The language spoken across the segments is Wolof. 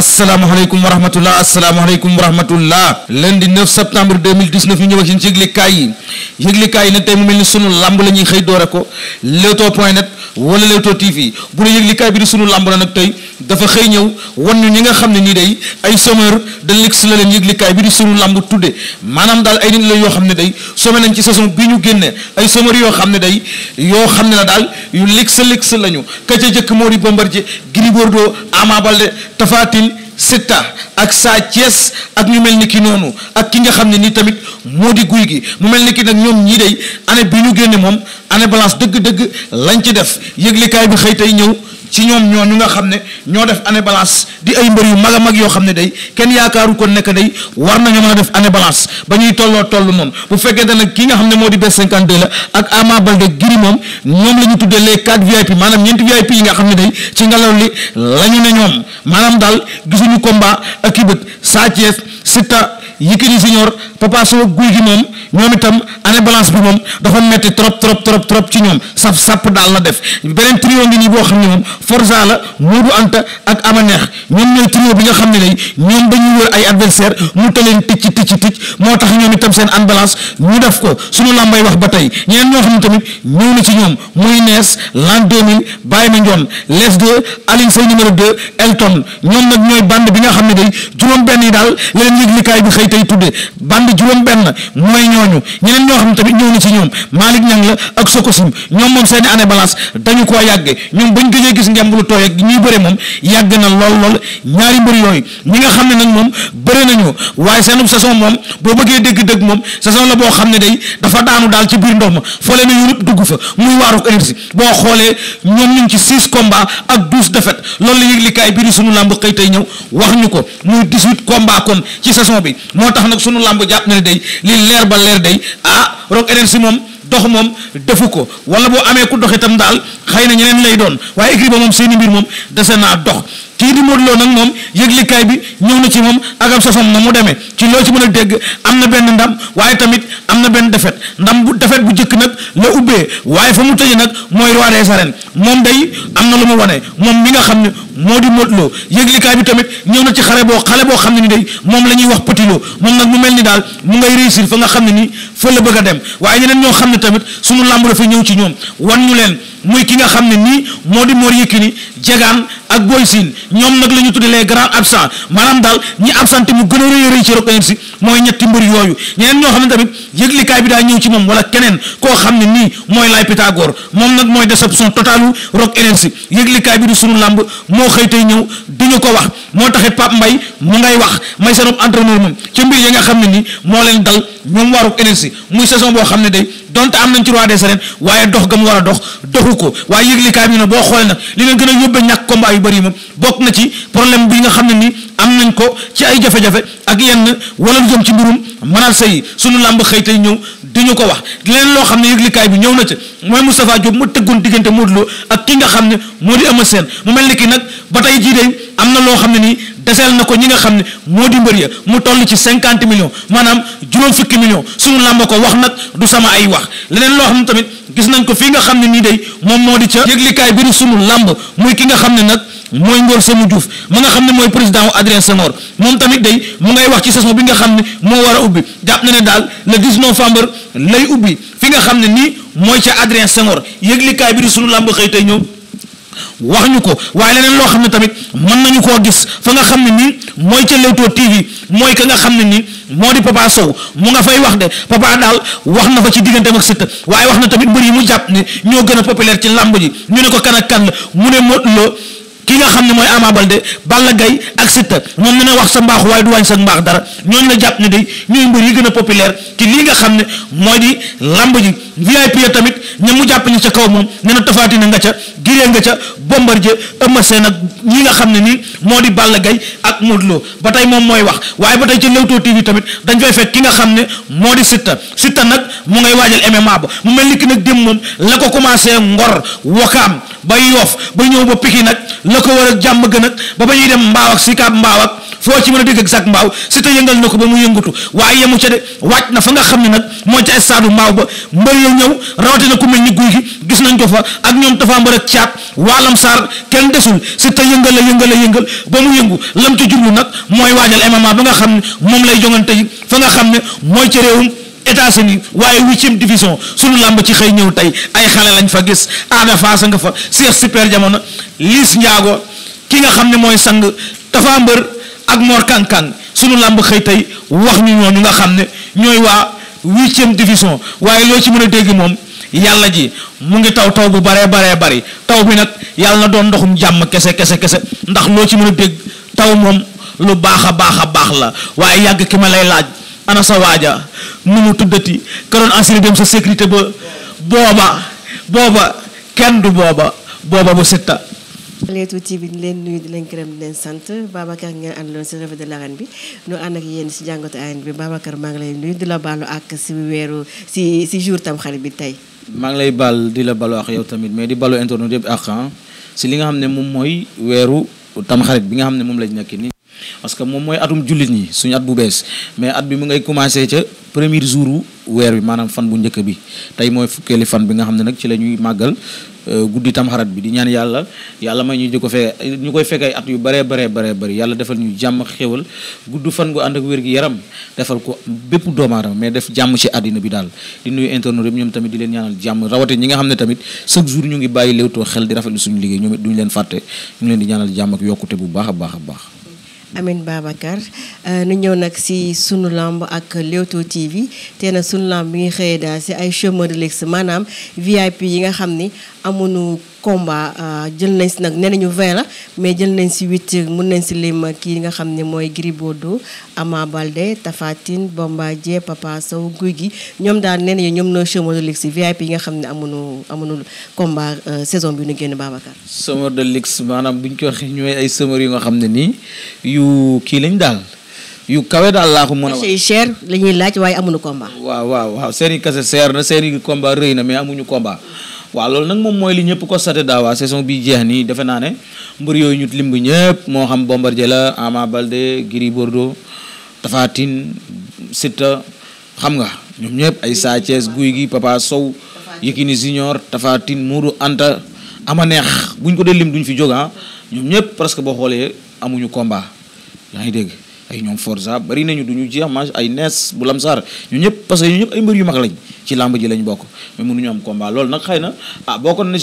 asalaamaaleykum wa rahmatullah asalaamaaleykum wa rahmatullah lundi 9 septembre 2019 ñu ñëw ak yéen ci yëglikaay yi yi nag tey mu mel ni sunu làmb la ñuy xëy doore ko leewtoo point net wala Leewtoo TV bu dee yëglikaay bi di sunu làmb la nag tey dafa xëy ñëw wan ñu ñi nga xam ne nii day ay sommeur de luxe la leen yëglikaay bi di sunu làmb tudde maanaam daal ay nit la yoo xam ne day sommé nañ ci saison bi ñu génne ay sommeur yoo xam ne day yoo xam ne na daal yu luxe luxe la ñu ka ca jëkk moo di Bombardier Gris Bordeaux Ama Baldé Siteu ak saa Thiès ak ñu mel ni ki noonu ak ki nga xam ne ni tamit moo di guy gi mu mel ni ki nag ñoom ñii day année bi ñu génnee moom année balance dëgg-dëgg lañ ci def yëglekaay bi xëy tey ñëw ci ñoom ñoo ñu nga xam ne ñoo def année balance di ay mbër yu mag a mag yoo xam ne day kenn yaakaaru ko nekk day war nañu mën a def année balance ba ñuy tolloo toll noonu bu fekkente nag ki nga xam ne moo di Best 52 la ak Ama Baldé giri moom ñoom la ñu tuddee les quatre VIP maanaam ñeenti VIP yi nga xam ne day ci ngelaw li la ñu ne ñoom maanaam daal gisuñu combat ak i bët Sa Thiès Siteu Yékini Papa Sow guy gi moom ñoom itam année balance bi moom dafa metti trop trop trop trop ci ñoom sap sap daal la def beneen trio ngi nii boo xam ne moom Forza la Modou Anta ak Ama Neex ñoom ñooy trio bi nga xam ne lay ñoom dañuy wër ay adversaire mu taleen ticc ticc ticc moo tax ñoom itam seen année balance ñu def ko suñu làmbay wax ba tey ñeneen ñoo xam ne tamit ñëw na ci ñoom muy nees l'an 2000 bàyyi ma njoon les deux Aline Sey numéro 2 Elton ñoom nag ñooy bande bi nga xam ne day juróom benn yi daal leneen yëglikaay bi xëy tey tudde bande ëmb juróom-benn mooy ñooñu ñeneen ñoo xam tamit ñëw na ci ñoom Malick Niang la ak ñoom moom seeni année balance dañu koo yàgge ñoom bañ gëjee gis ngemb lu tooy ak ñuy dégg moom saison la boo xam ne day dafa daanu daal ci biir ndox ma foo leen yurub dugg fa muy waaruk énergie boo xoolee ñoom ñu ngi ci six combats ak douze défaites loolu la yëglikaay bii di sunu làmb xëy tey ñëw wax ñu ko muy dix-huit combats kon ci saison bi moo tax nag sunu làmb jàpp na ne day lii leer ba leer day ah Rock Énergie moom dox moom defu ko wala boo amee ku dox itam daal xëy na ñeneen lay doon waaye écrit ba moom seeni mbir moom dese naa dox tii di Modou Lo nag moom yëglikaay bi ñëw na ci moom ak sa som na mu demee ci loo ci mën a dégg am na benn ndam waaye tamit am na benn defet ndam bu defet bu njëkk nag la ubbee waaye fa mu tëjee nag mooy roi des arènes moom day am na lu mu wane moom mi nga xam ne moo di Modou Lo yëglikaay bi tamit ñëw na ci xale boo xale boo xam ne ni day moom la ñuy wax Petit Lo moom nag mu mel ni daal mu ngay réussir fa nga xam ne nii fa la bëgg a dem waaye ñeneen ñoo xam ne tamit sunu làmb dafa ñëw ci ñoom wan ñu leen. muy ki nga xam ne nii moo di Mor Yekini Jegaan ak Boy Sine ñoom nag la ñu tuddee les grands absents maanaam daal ñi absenté mu gën a rëy rëy ci Rock Énergie mooy ñetti mbër yooyu ñeneen ñoo xam ne tamit yëglikaay bi daa ñëw ci moom wala keneen koo xam ne nii mooy lay Pythagore moom nag mooy déception totalu Rock Énergie yëglikaay bi du suñu làmb moo xëy tey ñëw duñu ko wax moo taxit Pape Mbaye mu ngay wax may seen entraîneur moom ci mbir yi nga xam ne nii moo leen dal moom waaruk énergie muy saison boo xam ne day donte am nañ ci roi des arènes waaye dox ga mu war a dox doxu ko waaye yëglikaay bi nag boo xoole nag li leen gën a yóbbee ñàkk combat yu bëri bokk na ci problème bi nga xam ne nii am nañ ko ci ay jafe-jafe ak yenn wala jëm ci mbirum mënaat sa yi sunu làmb xëy tey ñëw di ñu ko wax leen loo xam ne yëglikaay bi ñëw na ca mooy Moustapha Diop mu tëggoon diggante Modou Lo ak ki nga xam ne moo di Eumeu Sène mu mel ni kii nag ba tey jii day am na loo xam ne nii deseel na ko ñi nga xam ne moo di mbër ya mu toll ci cinquante millions maanaam juróom fukki millions suñu làmb ko wax nag du sama ay wax leneen loo xam ne tamit gis nañ ko fii nga xam ne nii day moom moo di ca yëglikaay bi di sunu làmb muy ki nga xam ne nag mooy Ngor sama Diouf ma nga xam ne mooy président wu Adrien Senghor moom tamit day mu ngay wax ci saison bi nga xam ne moo war a ubbi jàpp na ne daal le 10 novembre lay ubbi fi nga xam ne nii mooy ca Adrien Senghor yëglikaay bi di sunu làmb xëy tey ñëw wax ñu ko waaye leneen loo xam ne tamit mën nañu koo gis fa nga xam ne nii mooy ca Leewtoo TV mooy ka nga xam ne nii moo di Papa Sow mu nga fay wax de Papa daal wax na fa ci digganteem ak Siteu waaye wax na tamit mbër yi mu jàpp ne ñoo gën a populaire ci làmb ji ñu ne ko kan ak mu ne Modou Lo ki nga xam ne mooy Ama Baldé Balla Gaye ak Siteu ñoom ne na wax sa mbaax waaye du wàññi sa mbaax dara ñooñu la jàpp ne day ñooy mbër yi gën a populaire ci lii nga xam ne moo di lamb ji VIP ya tamit ña mu jàpp ni ca kaw moom ne na tafaati na nga ca girée nga ca Bombardier Eumeu Sène ak ñi nga xam ne nii moo di Balla Gaye ak Modou ba tey moom mooy wax waaye ba tey ci Leewtoo TV tamit dañ fay fekk ki nga xam ne moo di Siteu Siteu nag mu ngay waajal MMA ba mu mel ni ki nag dem moom la ko commencé ngor wakaam ba yoof ba ñëw ba na ko war ak jàmm gën ba ba ñuy dem mbaaw ak sikaab mbaaw ak foo ci mën a dégg ak sac mbaaw si te yëngal na ko ba mu yëngutu waaye yemu ca de wàcc na fa nga xam ne nag mooy ca mel ni guy gi gis nañ ko fa ak ñoom dafa mbër ak caat waalam saar kenn desul si te yëngal la yëngal la yëngal ba mu yëngu lam ci jublu nag mooy waajal MMA ba nga xam ne moom lay jongante yi fa nga xam ne mooy ca réewum États-Unis waaye huitième division sunu làmb ci xëy ñëw tey ay xale lañ fa gis aada faasa nga fa Cheikh super jamono Liis Njaago ki nga xam ne mooy sang Tafa Mbër ak moor Kànkang sunu làmb xëy tey wax ñu ñooñu nga xam ne ñooy waa huitième division waaye loo ci mën a dégg moom yàlla ji mu ngi taw taw bu baree baree bari taw bi nag yàlla na doon ndoxum jàmm kese kese kese ndax loo ci mën a dégg taw moom lu baax a baax a baax la waaye yàgg ki ma lay laaj ana sa waaja nu mu tuddati ka doon assuré dem sa sécurité ba booba booba du booba booba bu sitta Leewtoo TV di leen nuyu di leen gërëm di leen sant Babacar ngeen àndaloon si revue de l'arène bi ànd ak yéen si jàngatu arène bi Babacar maa ngi lay nuyu di la baalu ak si weeru si si jour tam bi tey. maa ngi lay baal di la balu ak yow tamit mais di balu internet yëpp ak ah. si li nga xam ne moom mooy weeru tam xarit bi nga xam ne moom lañ nekk nii. parce que moom mooy atum jullit ñi suñu at bu bees mais at bi mu ngay commencé ca première jour weer bi maanaam fan bu njëkk bi tey mooy fukkeeli fan bi nga xam ne nag ci la ñuy màggal euh, guddi tamxarit bi di ñaan yàlla yàlla may ñu di ko fee ñu koy fekkee at yu baree bare baree bëri yàlla defal ñu jàmm xewal gudd fan gu ànd ak wér gi yaram defal ko bépp doomu aadama mais def jàmm ci àddina bi daal di nuyu internet yëpp ñoom tamit di leen ñaanal jàmm rawate ñi nga xam ne tamit chaque jour ñu ngi bàyyi Leewtoo xel di rafetlu suñu liggéey ñoom it leen fàtte ñu leen di ñaanal jàmm ak bu baax a baax a baax Amin Babacar nu euh, ñëw nag si sunu lamb ak Leewtoo TV te na sunu lamb bi ngi xëyee daal si ay chômeurs de luxe maanaam VIP yi nga xam ni amuñu combat euh, jël nañ si nag nee ñu 20 la mais jël nañ si 8 mun nañ si lim kii nga xam ne mooy Gris Bordeaux Ama Baldé Tapha Tine Bombardier Papa Sow guy Gui ñoom daal nee nañu ñoom ñoo chômeur de luxe VIP yi nga xam ne amuñu amuñu combat euh, saison bi ñu génn Babacar. chômeur de luxe maanaam bu ñu ko waxee ñooy ay chômeur yu nga xam ne nii yu kii lañ daal. yu kawe daal laa ko mën a wax yu cher la ñuy laaj waaye amuñu combat. waaw waaw waaw seen i kase cher na seen i combat na mais amuñu combat. waaw loolu nag moom mooy li ñëpp constaté daawa saison bi jeex nii defe naa ne mbër yooyu ñu lim limb ñëpp moo xam Bombardier la Ama Baldé Gris Bordeaux Tapha Tine Siteu xam nga ñoom ñëpp ay Sa Thiès Gouye Papa Sow Yékini Junior Tapha Tine Modou Anta ama neex buñ ko dee lim duñ fi jóg ah ñoom ñëpp presque boo xoolee amuñu combat yaa ngi dégg ay ñoom Forza bari nañu du ñu jeex ma ay nees bu lamsaar ñu ñëpp parce que ñu ñëpp ay mbër yu mag lañ ci làmb ji lañ bokk mais mënuñu am combat loolu nag xëy ah bokkoon ko ne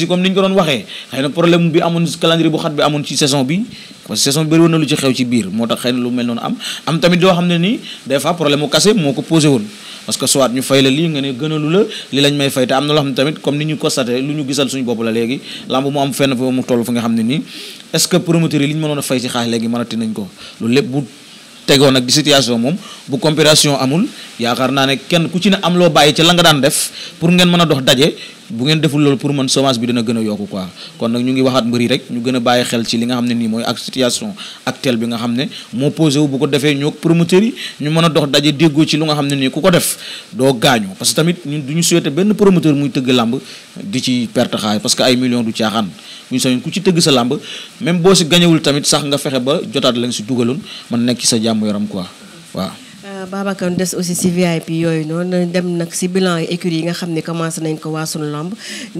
nii ko posé lu ñu gisal suñu bopp la léegi làmb mu am fenn fa mu toll fa nga xam ne nii est ce yi li ñu mënoon a fay si xaalis léegi mënati nañ ko loolu lépp bu tegoo nag di situation moom bu comparaison amul yaakaar naa ne kenn ku ci ne am loo bàyyi ci la nga daan def pour ngeen mën a dox daje bu ngeen deful loolu pour man chômage bi dina gën a yokku quoi kon nag ñu ngi waxaat mbëri rek ñu gën a bàyyi xel ci li nga xam ne nii mooy ak situation actuelle bi nga xam ne moo posé wu bu ko defee ñoo promoteurs yi ñu mën a dox daje déggoo ci lu nga xam ne nii ku ko def doo gaañu parce que tamit ñun du ñu souhaité benn promoteur muy tëgg làmb di ci perte xaalis parce que ay millions du caaxaan bu ñu sañoon ku ci tëgg sa làmb même boo si gañewul tamit sax nga fexe ba jotaat lañ si dugaloon man nekk ci sa jàmm yaram quoi waaw Babacar des aussi si VIP yooyu noonu dem nag si bilan écurie yi nga xam ni commencé nañ ko waa sunu lamb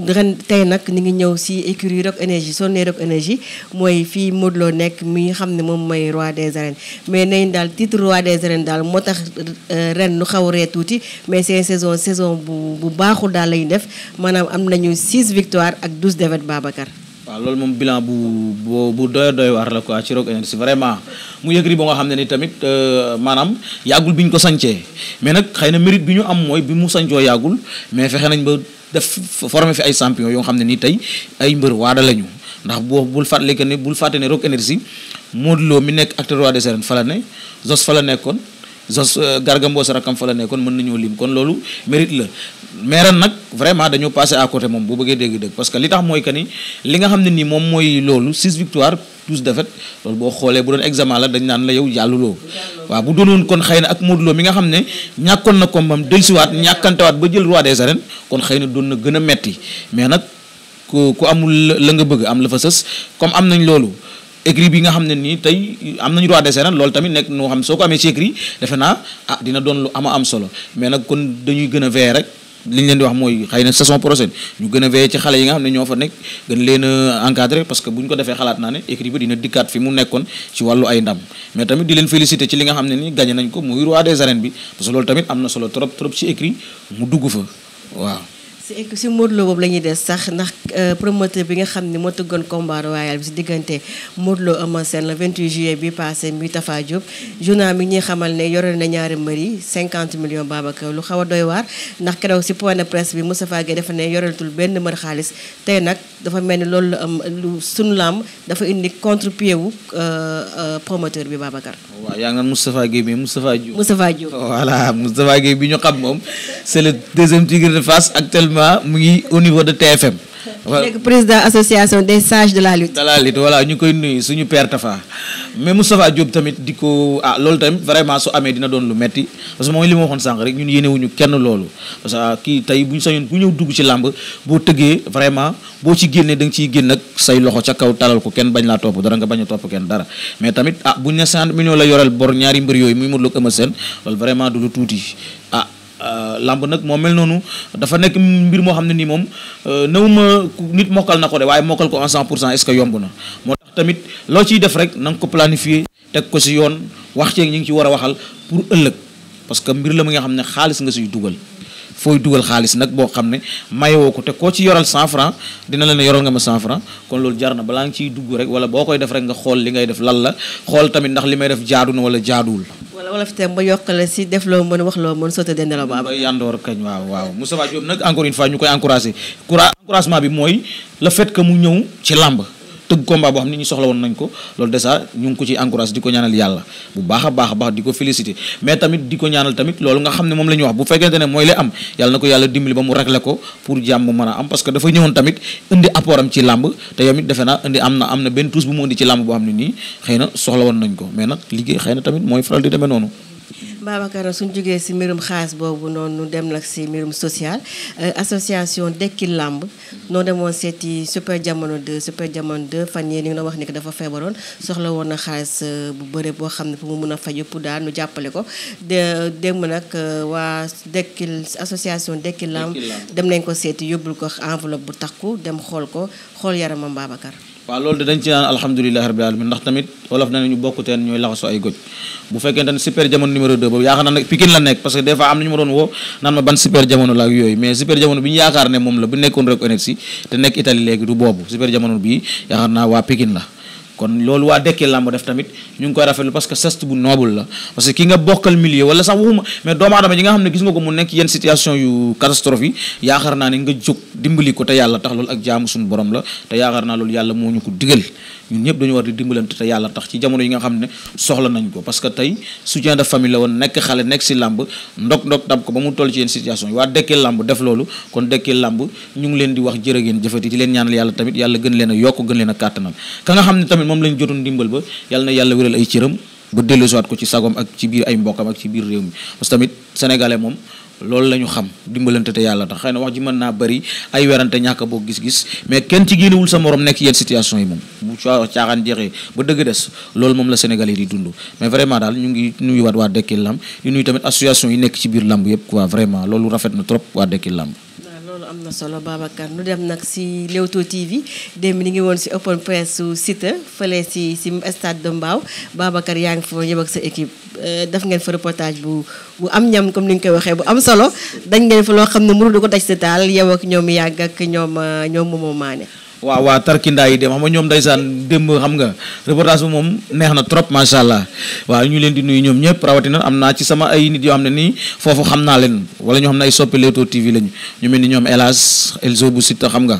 ren tey nag ni ngi ñëw si écurie Rock Énergie soo nee Rock Énergie mooy fii Modou loo nekk mi nga xam ne moom mooy roi des arènes mais nañ daal titre roi des arènes daal moo tax euh, ren nu xaw ree tuuti mais c'est saison saison bu bu baaxul daal lañu def maanaam am nañu 6 victoires ak 12 défaites Babacar waaw loolu moom bilan bu bu bu doy doy waar la quoi ci Rock Énergie vraiment mu yëkkati ba nga xam ne ni tamit euh, maanaam yàggul bi ñu ko sancee mais nag xëy na mérit bi ñu am mooy bi mu sancoo yàggul mais fexe nañ ba def formé fi ay champion yoo xam ne nii tey ay mbër waada lañu ndax boo bul fàttali que ne bul fàtte ne Rock Énergie Modou Lo mi nekk acteur roi des arènes fa la ne Zos fa la nekkoon Zos euh, Garga Mbossé rakam fa la nekkoon mën nañoo lim kon loolu mérite la mais ren nag vraiment dañoo passé à côté moom boo bëggee dégg-dégg parce que li tax mooy que ni li nga xam ne nii moom mooy loolu six victoires tous défaites loolu boo xoolee bu doon examen la dañ naan la yow jàlluloo waaw bu doonoon kon xëy na ak Modou Lo mi nga xam ne ñàkkoon na ko moom dellusiwaat ñàkkantewaat ba jël roi des arènes kon xëy na doon na gën a metti mais nag ku ku amul la nga bëgg am la fa sës comme am nañ loolu écrit bi nga xam ne nii tey am nañu roi des arènes loolu tamit nekk noo xam soo amee ci écrit defe naa ah dina doon lu ama am solo mais nag kon dañuy gën a veillé rek li ñu leen di wax mooy xëy na saison prochaine ñu gën a veillé ci xale yi nga xam ne ñoo fa nekk gën leen a encadré parce que bu ñu ko defee xalaat naa ne écrit bi dina dikkaat fi mu nekkoon ci wàllu ay ndam mais tamit di leen félicité ci li nga xam ne ni gagné nañ ko muy roi des arènes bi parce que loolu tamit am na solo trop trop ci écrit mu dugg fa waaw si si Modou Lo boobu des sax ndax euh, promoteur bi nga xam ne moo tëggoon combat royal bi si diggante Modou Lo Eumeu Sène le 28 juillet bi passé muy Tafa Diop journal mi ñuy xamal ne yore na ñaari mbër yi million millions Babacar lu xaw a doy waar ndax keroog si point de presse bi Moustapha Guèye dafa ne yoretul benn mbër xaalis tey nag dafa mel ni loolu la am lu sunu laam dafa indi contre pied wu euh, euh, promoteur bi Babacar. waaw yaa ngi naan Moustapha Guèye bi Moustapha Diop. Moustapha Diop voilà bi ñu actuellement mu ngi au niveau de TFM. nekk président association des sages de la lutte. de la lutte voilà ñu koy nuyu suñu père Tafa mais Moustapha Diop tamit di ko ah loolu tamit vraiment su amee dina doon lu metti parce que mooy li ma waxoon sànq rek ñun yéenewuñu kenn loolu parce que ah, kii tey bu ñu ñun bu ñëw dugg ci làmb boo tëggee vraiment boo ci génnee da nga ciy génn ak say loxo ca kaw talal ko kenn bañ laa topp dara nga bañ a topp kenn dara mais tamit ah bu ñu ne 50 millions la yoreel bor ñaari mbër yooyu muy Modou Lo ak Eumeu Sène loolu vraiment du tuuti ah. Euh, làmb nag moo mel noonu dafa nekk mbir moo xam ne nii moom euh, néewuma nit mokkal na ko de waaye mokkal ko en cent pour cent est-ce yomb na moo tax tamit loo ciy def rek nanga ko planifier teg ko si yoon wax ceeg ñi ngi ci war a waxal pour ëllëg parce que mbir la mi nga xam ne xaalis nga ciy dugal fooy dugal xaalis nag boo xam ne mayewoo ko te koo ci yoral 100 francs dina la ne yoral nga ma 100 francs kon loolu jar na balaa nga ciy dugg rek wala boo koy def rek nga xool li ngay def lan la xool tamit ndax li may def jaadu na wala jaaduwul wala wala fi tam ba yokkale wax la baaba yandoor kañ waaw waaw nag encore une fois ñu koy encouragé encouragement bi mooy le fait que mu ñëw ci làmb tëgg combat boo xam ne ñu soxla woon nañ ko loolu dèjà ñu ngi ko ci encourage di ko ñaanal yàlla bu baax a baax a baax di ko félicité mais tamit di ko ñaanal tamit loolu nga xam ne moom la ñuy wax bu fekkente ne mooy lay am yàlla na ko yàlla dimbali ba mu réglé ko pour jàmm mën a am parce que dafa ñëwoon tamit indi apport am ci làmb te yow it defe naa indi am na am na benn tuus bu mu indi ci làmb boo xam ne nii xëy na soxla woon nañ ko mais nag liggéey xëy na tamit mooy faral di demee Babacar suñ jógee si mbirum xaalis boobu noonu dem nag si mbirum social euh, association Dekki Làmb noo demoon seeti super jamono 2 super jamono 2 fan yee ni nga wax ni dafa feebaroon soxla woon na xaalis euh, bu bëre boo xam ne fu mu mun a faj yëpp daal nu jàppale ko de démb nag euh, waa Dekki association Dekki Làmb dem nañ ko seeti yóbbul ko enveloppe bu tax takku dem xool ko xool yaramam Babacar waaw loolu de dañ ci naan alhamdulilahi rabbil alamin ndax tamit wolof na ñu bokk teen ñooy laxasu ay goj bu fekkente ne super jamono numéro 2 boobu yaakaar naa nag Pikine la nekk parce que des fois am na ñu ma doon woo naan ma ban super jamono la yooyu mais super jamono bi ñu yaakaar ne moom la bu nekkoon rek si te nekk Italie léegi du boobu super jamono bi yaakaar naa waa Pikine la kon loolu waa Dekkil Lamb def tamit ñu ngi koy rafetlu parce que geste bu noble la parce que ki nga bokkal milieu wala sax waxuma mais doomu aadama yi nga xam ne gis nga ko mu nekk yenn situation yu catastrophe yi yaakaar naa ne nga jóg dimbali ko te yàlla tax loolu ak jaamu suñu borom la te yaakaar naa loolu yàlla moo ñu ko digal ñun ñëpp dañu war di dimbalante te yàlla tax ci jamono yi nga xam ne soxla nañ ko parce que tey soutien de famille la woon nekk xale nekk si làmb ndok ndok dab ko ba mu toll ci yenn situation yi waa dekkee làmb def loolu kon dekkee làmb ñu ngi leen di wax jërë ngeen jëfati di leen ñaanal yàlla tamit yàlla gën leen a yokk gën leen a kàttanal ka nga xam ne tamit moom lañ jotoon dimbal ba yàlla na yàlla wéral ay cëram ba dellusiwaat ko ci sagom ak ci biir ay mbokkam ak ci biir réew mi parce que tamit moom loolu la ñu xam dimbalante te yàlla tax xëy na wax ji mën naa bëri ay werante ñàkk boo gis-gis mais kenn ci génnewul sa morom nekk yenn situation yi moom bu caaxaan jeexee ba dëgg des loolu moom la Sénégal yi di dund mais vraiment daal ñu ngi nuyu waat waa Dekkil Lamb di nuyu tamit association yi nekk ci biir lamb yëpp quoi vraiment loolu rafet na trop waa Dekkil Lamb loolu am na solo Babacar lu dem nag si Leewtoo TV démb li nga woon si open press su Siteu fële si si stade de mbaaw Babacar yaa ngi fa woon ak sa équipe euh, def ngeen fa reportage bu bu am ñam comme ni nga koy waxee bu am solo dañ ngeen fa loo xam ne mu du ko daj sa taal yow ak ñoom yàgg ak ñoom euh, ñoom moomoo maane waaw waaw tarkindaa yi dem xam nga ñoom ndeysaan démb xam nga reportage bi moom neex na trop macha allah waaw ñu leen di nuyu ñoom ñëpp rawatina am naa ci sama ay nit yoo xam ne nii foofu xam naa leen wala ñoo xam ne ay soppi Leewtoo TV lañu ñu mel ni ñoom El Hadj Elzo bu Siteu xam nga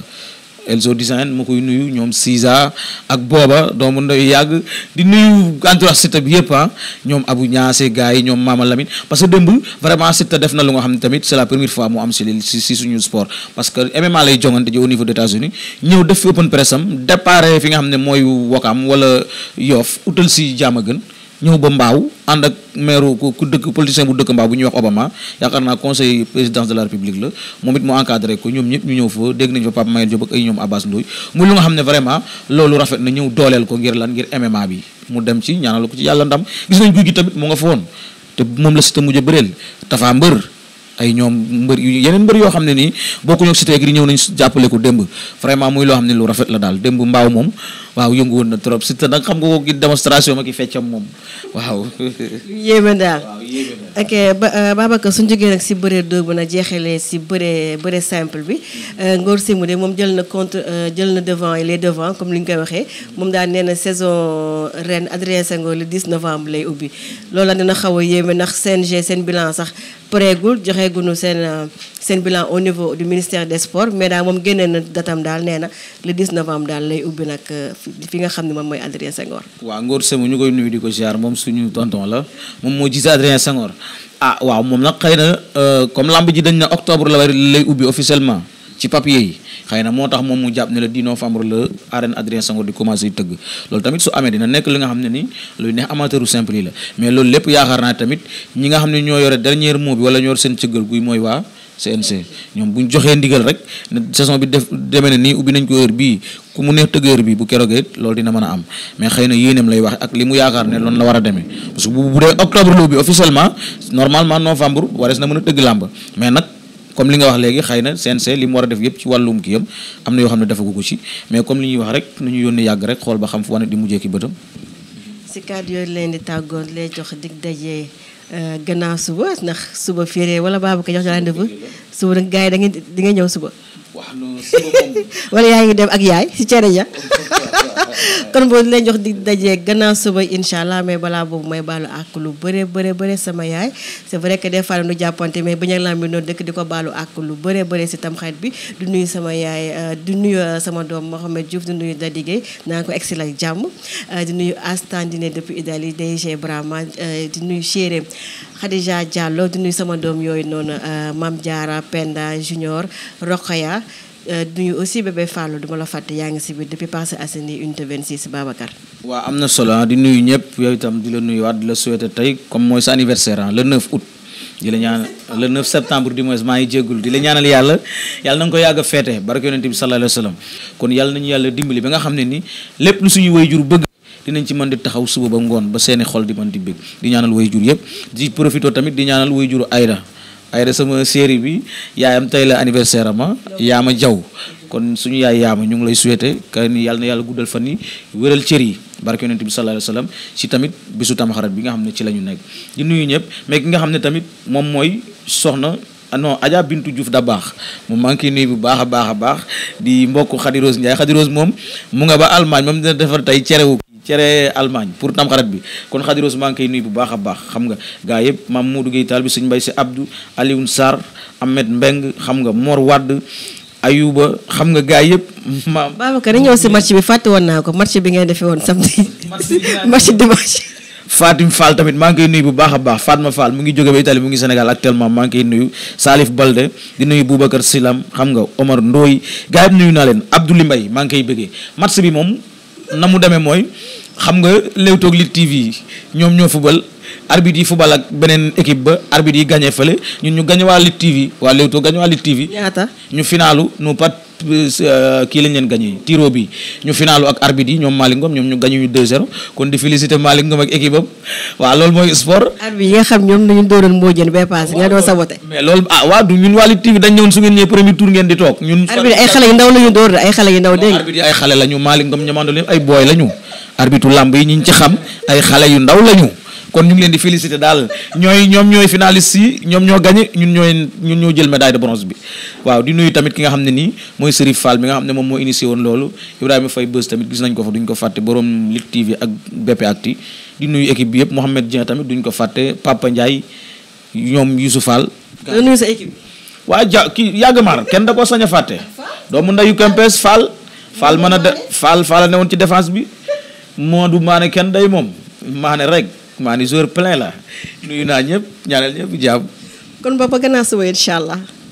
Elzo Design ma koy nuyu ñoom Siza ak booba doomu nday yàgg di nuyu entourage Siteu bi yëpp ah ñoom Abu Ñaase gars yi ñoom Mama Lamine parce que démb vraiment Siteu def na lu nga xam ne tamit c'est la première fois mu am si si si suñu sport parce que MMA lay jongante ji au niveau des États-Unis ñëw def fi open press am départ fi nga xam ne mooy am wala Yoff utal si jàmm a gën ñëw ba mbaaw ànd ak maire ku dëkk politicien bu dëkk mbaaw bu ñuy wax Obama yaakaar naa conseil présidence de la république la moom it mu encadré ko ñoom ñëpp ñu ñëw fa dégg nañ fa Pape Mayel Diop ak ay ñoom Abbas Ndoye muy lu nga xam ne vraiment loolu rafet na ñëw dooleel ko ngir lan ngir MMA bi mu dem ci ñaanal ko ci yàlla ndam gis nañ guy gi tamit mu nga fa woon te moom la Siteu mujj bëreel Tafa Mbër ay ñoom mbër yeneen mbër yoo xam ne nii bokkuñu ak Siteu gi ñëw nañ jàppale ko démb vraiment muy loo xam ne lu rafet la daal démb mbaaw moom waaw yëngu na trop Siteu nag xam nga ko gi démonstration ma ki feccam moom waaw. ok euh, Babacar suñ jógee nag si bëree dóor bi nag jeexalee si bëree bëree simple bi euh, Ngor Simbu de moom jël na contre euh, jël na devant les devant comme li ñu koy waxee moom daal nee na saison ren Adrien Senghor le 10 novembre lay ubbi loolu la dina xaw a yéeme ndax CNG seen bilan sax pareegul joxeeguñu seen seen bilan au niveau du ministère des sports mais daal moom génne na datam daal nee na le 10 novembre daal lay ubbi nag euh, fi nga xam ne moom mooy Adrien Senghor. waaw Ngor Semou moom suñu tonton la moom moo jiite Adrien Senghor ah, waaw moom nag xëy na euh, comme lamb ji dañ na octobre la war lay ubbi officiellement ci papier yi xëy na moo tax moom mu jàpp ne le 10 novembre la arène Adrien Senghor di commencé tëgg loolu tamit su amee dina nekk li nga xam ne ni luy neex amateuru simple yi la mais loolu lépp yaakaar naa tamit ñi nga xam ne ñoo yore dernier mot bi wala ñoo yor seen cëggal guy mooy waa CNC ñoom bu ñu joxee ndigal rek ne saison bi def demee ne nii ubbi nañ ko heure bii ku mu neex tëgg heure bii bu keroog loolu dina mën a am mais xëy na lay wax ak li mu yaakaar ne loolu la war a demee parce que bu bu dee octobre la ubbi officiellement normalement novembre warees na mën a tëgg làmb mais nag comme li nga wax léegi xëy CNC li mu war a def yëpp ci wàllum kii yam am na yoo xam ne defagu ko ci mais comme li ñuy wax rek nu ñu Euh, gannaaw suba ndax suba féré wala baabu ko jox rendez-vous suba nag gars yi da ngeen di nga ñëw suba waaw non wala yaa ngi dem ak yaay si cere ja kon boo leen jox di dajee gannaaw suba incha allah mais balaa boobu may baalu àq lu bëree bëre bëre sama yaay c'est vrai que des fois nu jàppante mais bu ñu bi noonu dëkk di ko baalu àq lu bëree bëre si tamxarit bi du nuyu sama yaay euh, du nuyu euh, sama doom Mohamed Diouf du nuyu Dadi Gueye naa ko egsi la jàmm euh, di nuyu Astandine depuis Italie DG Brahma di nuy chérie Khadija Diallo di nuyu sama doom yooyu noonu Mame Diarra Penda Junior duñu euh, aussi bébé Fallou du la fàtte yaa ngi si biir depuis passé Assini unité 26 Babacar. waaw am na solo ah, di nuyu ñëpp yooyu itam di la nuyuwaat di la souhaiter tey comme mooy sa anniversaire ah le la ñaanal le maa ngi jéggul di la ñaanal yàlla yàlla na nga ko yàgg a feete barke yonente bi sallallahu alayhi wa sallam kon yàlla nañu yàlla dimbali ba nga xam ne ni lépp lu suñu way jur bëgg dinañ ci mën di taxaw suba ba ngoon ba seeni xol di mën di bëgg di ñaanal way yëpp di tamit di ñaanal way jur Aïda ay sama série bi yaayam tey la anniversaire ama yaama jaw kon suñu yaay yaama ñu ngi lay souhaiter que ni yàlla na yàlla guddal fan yi wéral cër yi barke yonent bi sallallahu alayhi wasallam nga xam ne tamit moom mooy soxna ah non Adja Bintu Diouf da baax moom maa ngi koy nuyu bu baax a baax a baax di mbokk Khady Rose Ndiaye moom mu nga ba Allemagne moom dina defar tey cerewu cere Allemagne pour tamxarit bi kon xadiroos maa ngi koy nuyu bu baax a baax xam nga gaa yëpp maam Modou Gueye taal bi suñ mbay si Abdou Alioune Sarr Ahmed Mbeng xam nga Mor Wadd Ayuba xam nga gaa yëpp maam Babacar ñëw si match bi fàtte woon naa ko match bi ngeen defee woon samedi match dimanche Fatim Fall tamit maa ngi koy nuyu bu baax a baax Fatma Fall mu ngi jóge ba mu ngi Sénégal actuellement maa ngi koy nuyu Salif Balde di nuyu Boubacar Silam xam nga Omar Ndoy gaa yëpp nuyu naa leen Abdoulaye Mbaye maa ngi koy bëggee match bi moom na mu demee mooy xam nga Leewtoo ak Lutte TV ñoom ñoo fubal arbitre yi fubal ak beneen équipe ba arbitre yi gagné fële ñun ñu gagné waa Lutte TV waa Leewtoo gagné waa TV. ñu finaalu nous pat kii lañ leen gagné tiro bi ñu finaalu ak arbitre yi ñoom Malick Ngom ñoom ñu gagné ñu 2-0 kon di féliciter Malick Ngom ak équipe am waaw mooy sport. arbitre yi nga xam ñoom dañu dooroon moo jën bay paase nga ah waaw du ñun waa TV dañ ñëwoon su ngeen ñëwee premier tour ngeen di toog. ñun arbitre ay xale yu ndaw la ñu door ay xale yu ndaw dégg arbitre yi ay xale la ñu Malick Ngom ñamaandu ay booy la ñu. arbitre yi ñu ci xam ay xale yu ndaw la kon ñu ngi leen di féliciter daal ñooy ñoom ñooy finaliste yi ñoom ñoo gagné ñun ñooy ñoo jël médaille de bronze bi waaw di nuyu tamit ki nga xam ne nii mooy Serif Fall mi nga xam ne moom moo initié woon loolu Ibrahima Faye Beus tamit gis nañ ko fa duñ ko fàtte borom Ligue TV ak BP Acti di nuyu équipe bi yëpp Mouhamed Dieng tamit duñ ko fàtte Papa Ndiaye ñoom Youssou Fall. nga nuyu sa waa ja kii yàgg maar kenn da koo sañ a fàtte. doomu ndeyu Kempes Fall. Fall mën a de Fall Fall ne woon ci défense bi Modou Mané kenn day moom Mané rek. maa ni jour plein la nuyu naa ñëpp ñaanal ñëpp jàmm. kon ba ba gannaaw suba allah.